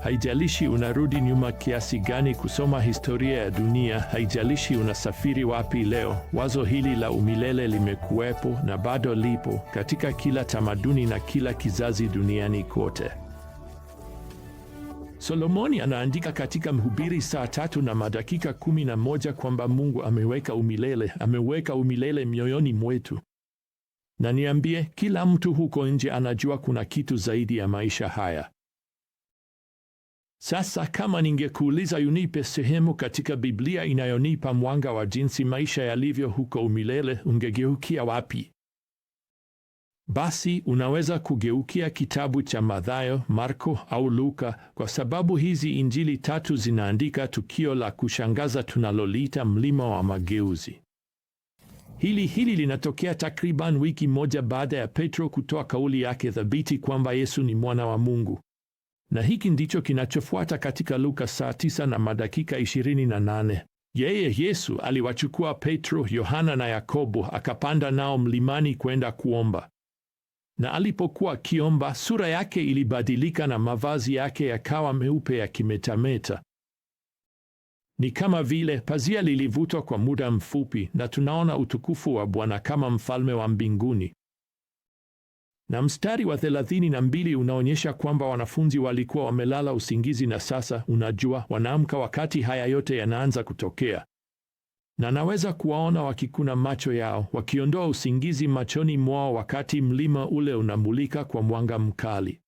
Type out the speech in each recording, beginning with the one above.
Haijalishi unarudi nyuma kiasi gani kusoma historia ya dunia, haijalishi unasafiri wapi leo, wazo hili la umilele limekuwepo na bado lipo katika kila tamaduni na kila kizazi duniani kote. Solomoni anaandika katika Mhubiri saa tatu na madakika kumi na moja kwamba Mungu ameweka umilele, ameweka umilele mioyoni mwetu. Na niambie, kila mtu huko nje anajua kuna kitu zaidi ya maisha haya. Sasa kama ningekuuliza unipe sehemu katika Biblia inayonipa mwanga wa jinsi maisha yalivyo huko umilele, ungegeukia wapi? Basi unaweza kugeukia kitabu cha Mathayo, Marko au Luka, kwa sababu hizi injili tatu zinaandika tukio la kushangaza tunaloliita mlima wa mageuzi. Hili hili linatokea takriban wiki moja baada ya Petro kutoa kauli yake thabiti kwamba Yesu ni mwana wa Mungu. Na hiki ndicho kinachofuata katika Luka saa tisa na madakika ishirini na nane. Yeye Yesu aliwachukua Petro, Yohana na Yakobo akapanda nao mlimani kwenda kuomba. Na alipokuwa akiomba, sura yake ilibadilika na mavazi yake yakawa meupe yakimetameta. Ni kama vile pazia lilivutwa kwa muda mfupi, na tunaona utukufu wa Bwana kama mfalme wa mbinguni na mstari wa thelathini na mbili unaonyesha kwamba wanafunzi walikuwa wamelala usingizi, na sasa, unajua, wanaamka wakati haya yote yanaanza kutokea, na naweza kuwaona wakikuna macho yao, wakiondoa usingizi machoni mwao, wakati mlima ule unamulika kwa mwanga mkali.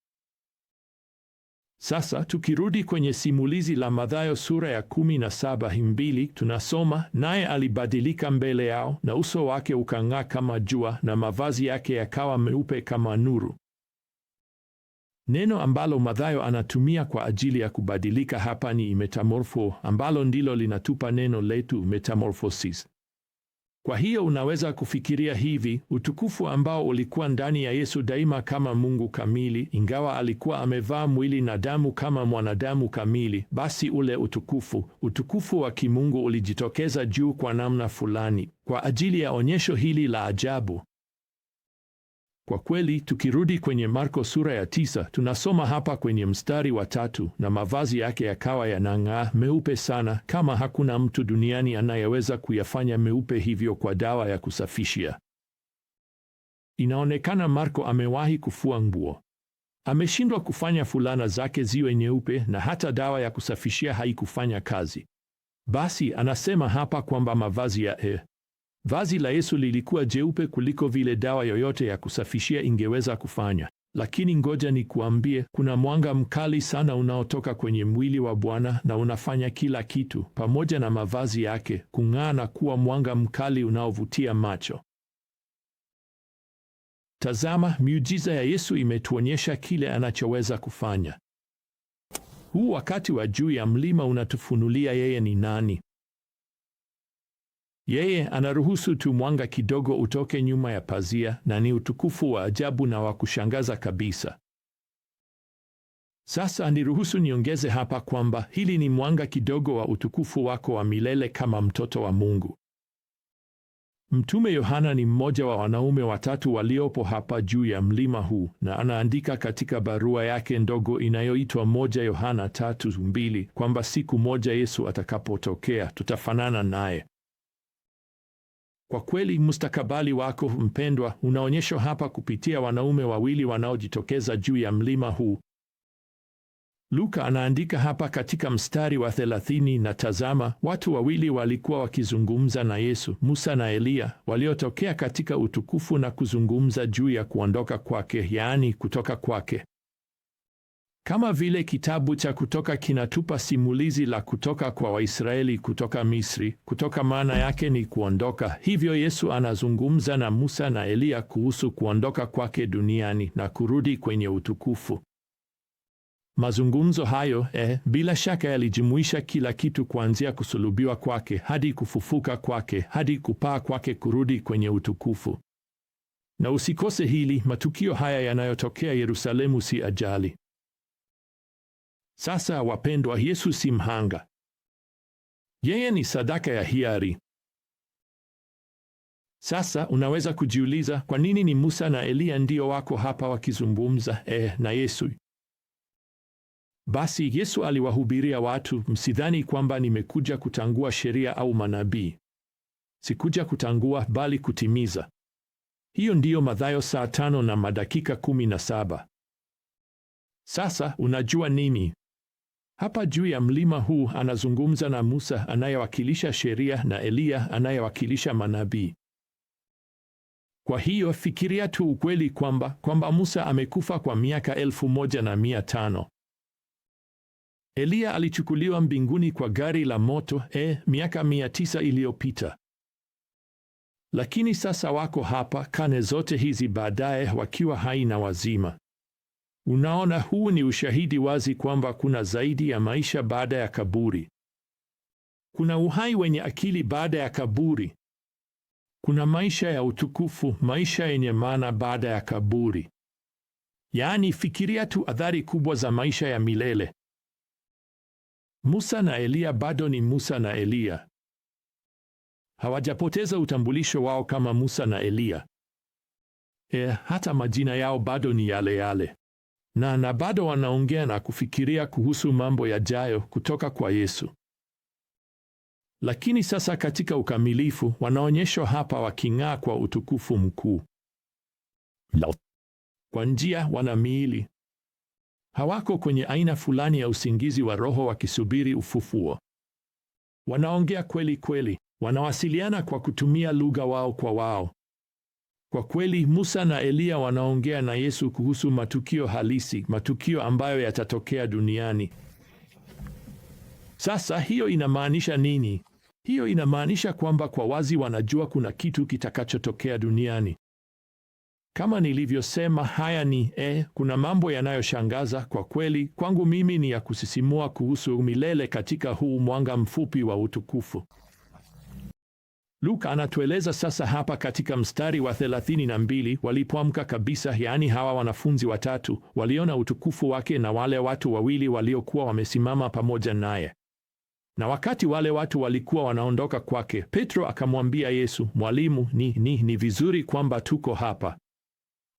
Sasa tukirudi kwenye simulizi la Mathayo sura ya kumi na saba himbili tunasoma, naye alibadilika mbele yao, na uso wake ukang'aa kama jua, na mavazi yake yakawa meupe kama nuru. Neno ambalo Mathayo anatumia kwa ajili ya kubadilika hapa ni metamorfo, ambalo ndilo linatupa neno letu metamorphosis. Kwa hiyo unaweza kufikiria hivi, utukufu ambao ulikuwa ndani ya Yesu daima kama Mungu kamili, ingawa alikuwa amevaa mwili na damu kama mwanadamu kamili, basi ule utukufu, utukufu wa kimungu ulijitokeza juu kwa namna fulani kwa ajili ya onyesho hili la ajabu. Kwa kweli tukirudi kwenye Marko sura ya tisa, tunasoma hapa kwenye mstari wa tatu, na mavazi yake yakawa yanang'aa meupe sana, kama hakuna mtu duniani anayeweza kuyafanya meupe hivyo kwa dawa ya kusafishia. Inaonekana Marko amewahi kufua nguo, ameshindwa kufanya fulana zake ziwe nyeupe, na hata dawa ya kusafishia haikufanya kazi. Basi anasema hapa kwamba mavazi ya e, Vazi la Yesu lilikuwa jeupe kuliko vile dawa yoyote ya kusafishia ingeweza kufanya. Lakini ngoja nikuambie, kuna mwanga mkali sana unaotoka kwenye mwili wa Bwana na unafanya kila kitu, pamoja na mavazi yake, kung'aa na kuwa mwanga mkali unaovutia macho. Tazama, miujiza ya Yesu imetuonyesha kile anachoweza kufanya. Huu wakati wa juu ya mlima unatufunulia yeye ni nani. Yeye anaruhusu tu mwanga kidogo utoke nyuma ya pazia, na ni utukufu wa ajabu na wa kushangaza kabisa. Sasa niruhusu niongeze hapa kwamba hili ni mwanga kidogo wa utukufu wako wa milele kama mtoto wa Mungu. Mtume Yohana ni mmoja wa wanaume watatu waliopo hapa juu ya mlima huu, na anaandika katika barua yake ndogo inayoitwa moja Yohana tatu mbili kwamba siku moja Yesu atakapotokea tutafanana naye kwa kweli mustakabali wako mpendwa unaonyeshwa hapa kupitia wanaume wawili wanaojitokeza juu ya mlima huu. Luka anaandika hapa katika mstari wa thelathini, na tazama, watu wawili walikuwa wakizungumza na Yesu, Musa na Eliya, waliotokea katika utukufu na kuzungumza juu ya kuondoka kwake, yaani kutoka kwake. Kama vile kitabu cha Kutoka kinatupa simulizi la kutoka kwa Waisraeli kutoka Misri, kutoka maana yake ni kuondoka. Hivyo Yesu anazungumza na Musa na Eliya kuhusu kuondoka kwake duniani na kurudi kwenye utukufu. Mazungumzo hayo eh, bila shaka yalijumuisha kila kitu kuanzia kusulubiwa kwake hadi kufufuka kwake hadi kupaa kwake kurudi kwenye utukufu. Na usikose hili, matukio haya yanayotokea Yerusalemu si ajali. Sasa wapendwa, Yesu si mhanga, yeye ni sadaka ya hiari. Sasa unaweza kujiuliza kwa nini ni Musa na Eliya ndio wako hapa wakizungumza eh, na Yesu? Basi Yesu aliwahubiria watu, msidhani kwamba nimekuja kutangua sheria au manabii. Sikuja kutangua bali kutimiza. Hiyo ndiyo Mathayo saa tano na madakika kumi na saba. Sasa unajua nini? Hapa juu ya mlima huu anazungumza na Musa anayewakilisha sheria na Eliya anayewakilisha manabii. Kwa hiyo fikiria tu ukweli kwamba kwamba Musa amekufa kwa miaka elfu moja na mia tano. Eliya alichukuliwa mbinguni kwa gari la moto e, miaka mia tisa iliyopita. Lakini sasa wako hapa kane zote hizi baadaye wakiwa hai na wazima. Unaona, huu ni ushahidi wazi kwamba kuna zaidi ya maisha baada ya kaburi. Kuna uhai wenye akili baada ya kaburi. Kuna maisha ya utukufu, maisha yenye maana baada ya kaburi. Yaani, fikiria tu athari kubwa za maisha ya milele. Musa na Eliya bado ni Musa na Eliya. Hawajapoteza utambulisho wao kama Musa na Eliya. E, eh, hata majina yao bado ni yale yale na na bado wanaongea na kufikiria kuhusu mambo yajayo kutoka kwa Yesu. Lakini sasa katika ukamilifu wanaonyeshwa hapa waking'aa kwa utukufu mkuu. Kwa njia wana miili. Hawako kwenye aina fulani ya usingizi wa roho wakisubiri ufufuo. Wanaongea kweli kweli, wanawasiliana kwa kutumia lugha wao kwa wao. Kwa kweli Musa na Eliya wanaongea na Yesu kuhusu matukio halisi, matukio ambayo yatatokea duniani. Sasa hiyo inamaanisha nini? Hiyo inamaanisha kwamba kwa wazi wanajua kuna kitu kitakachotokea duniani. Kama nilivyosema, haya ni e kuna mambo yanayoshangaza kwa kweli kwangu mimi ni ya kusisimua kuhusu milele katika huu mwanga mfupi wa utukufu. Luka anatueleza sasa hapa katika mstari wa 32, walipoamka kabisa, yaani hawa wanafunzi watatu waliona utukufu wake na wale watu wawili waliokuwa wamesimama pamoja naye. Na wakati wale watu walikuwa wanaondoka kwake, Petro akamwambia Yesu, Mwalimu, ni ni ni vizuri kwamba tuko hapa,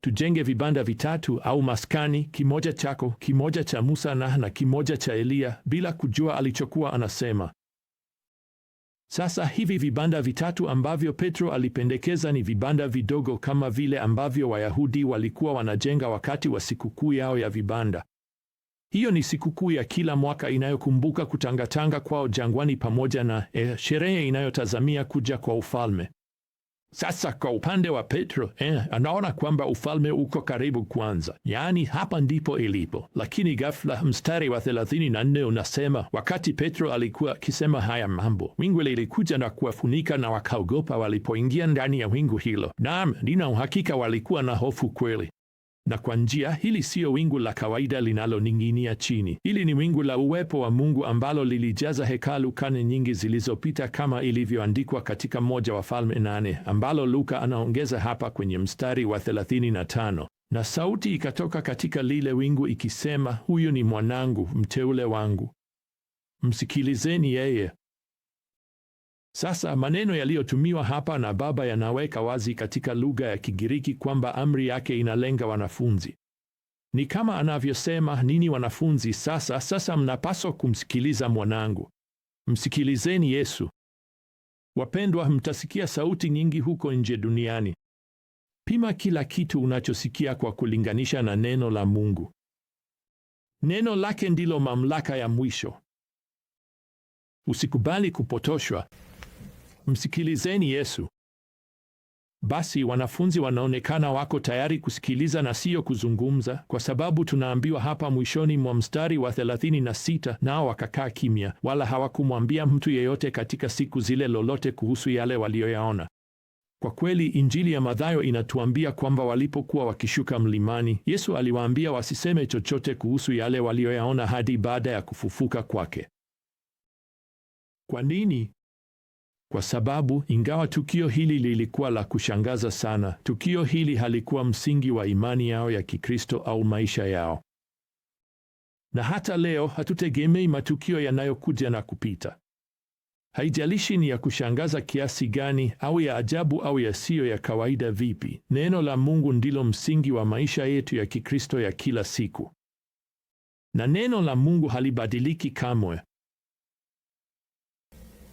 tujenge vibanda vitatu au maskani, kimoja chako, kimoja cha Musa na na kimoja cha Eliya, bila kujua alichokuwa anasema. Sasa hivi vibanda vitatu ambavyo Petro alipendekeza ni vibanda vidogo kama vile ambavyo Wayahudi walikuwa wanajenga wakati wa sikukuu yao ya vibanda. Hiyo ni sikukuu ya kila mwaka inayokumbuka kutangatanga kwao jangwani pamoja na eh, sherehe inayotazamia kuja kwa ufalme. Sasa kwa upande wa Petro eh, anaona kwamba ufalme uko karibu kwanza, yaani hapa ndipo ilipo. Lakini ghafla mstari wa 34 unasema, wakati Petro alikuwa akisema haya mambo, wingu lilikuja na kuwafunika na wakaogopa walipoingia ndani ya wingu hilo. Naam, nina uhakika walikuwa na hofu kweli. Na kwa njia, hili siyo wingu la kawaida linaloning'inia chini. Hili ni wingu la uwepo wa Mungu ambalo lilijaza hekalu karne nyingi zilizopita, kama ilivyoandikwa katika mmoja wa Falme nane, ambalo Luka anaongeza hapa kwenye mstari wa 35. Na sauti ikatoka katika lile wingu ikisema, huyu ni mwanangu mteule wangu, msikilizeni yeye. Sasa maneno yaliyotumiwa hapa na Baba yanaweka wazi katika lugha ya Kigiriki kwamba amri yake inalenga wanafunzi. Ni kama anavyosema, nini wanafunzi sasa, sasa mnapaswa kumsikiliza mwanangu, msikilizeni Yesu. Wapendwa, mtasikia sauti nyingi huko nje duniani. Pima kila kitu unachosikia kwa kulinganisha na neno la Mungu. Neno lake ndilo mamlaka ya mwisho. Usikubali kupotoshwa msikilizeni Yesu. Basi wanafunzi wanaonekana wako tayari kusikiliza na siyo kuzungumza, kwa sababu tunaambiwa hapa mwishoni mwa mstari wa 36, nao wakakaa kimya, wala hawakumwambia mtu yeyote katika siku zile lolote kuhusu yale waliyoyaona. Kwa kweli Injili ya Mathayo inatuambia kwamba walipokuwa wakishuka mlimani, Yesu aliwaambia wasiseme chochote kuhusu yale waliyoyaona hadi baada ya kufufuka kwake. Kwa nini? Kwa sababu ingawa tukio hili lilikuwa la kushangaza sana, tukio hili halikuwa msingi wa imani yao ya Kikristo au maisha yao. Na hata leo hatutegemei matukio yanayokuja na kupita. Haijalishi ni ya kushangaza kiasi gani au ya ajabu au yasiyo ya kawaida vipi, neno la Mungu ndilo msingi wa maisha yetu ya Kikristo ya kila siku, na neno la Mungu halibadiliki kamwe.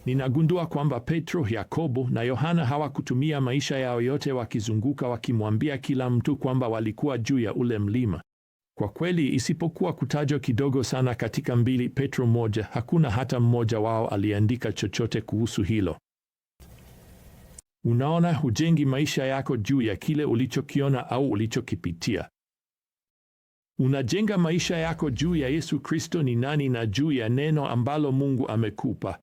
Ninagundua kwamba Petro, Yakobo na Yohana hawakutumia maisha yao yote wakizunguka wakimwambia kila mtu kwamba walikuwa juu ya ule mlima. Kwa kweli, isipokuwa kutajwa kidogo sana katika mbili Petro moja, hakuna hata mmoja wao aliandika chochote kuhusu hilo. Unaona, hujengi maisha yako juu ya kile ulichokiona au ulichokipitia. Unajenga maisha yako juu ya Yesu Kristo ni nani na juu ya neno ambalo Mungu amekupa.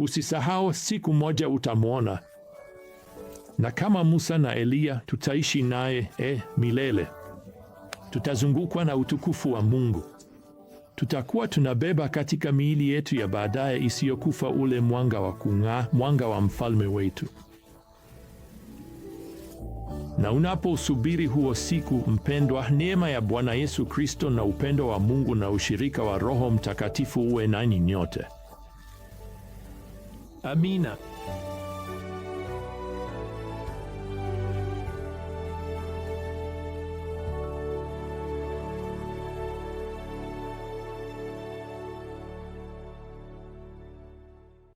Usisahau, siku moja utamwona, na kama Musa na Eliya tutaishi naye e milele. Tutazungukwa na utukufu wa Mungu. Tutakuwa tunabeba katika miili yetu ya baadaye isiyokufa ule mwanga wa kung'aa, mwanga wa mfalme wetu. Na unaposubiri huo siku, mpendwa, neema ya Bwana Yesu Kristo na upendo wa Mungu na ushirika wa Roho Mtakatifu uwe nanyi nyote. Amina.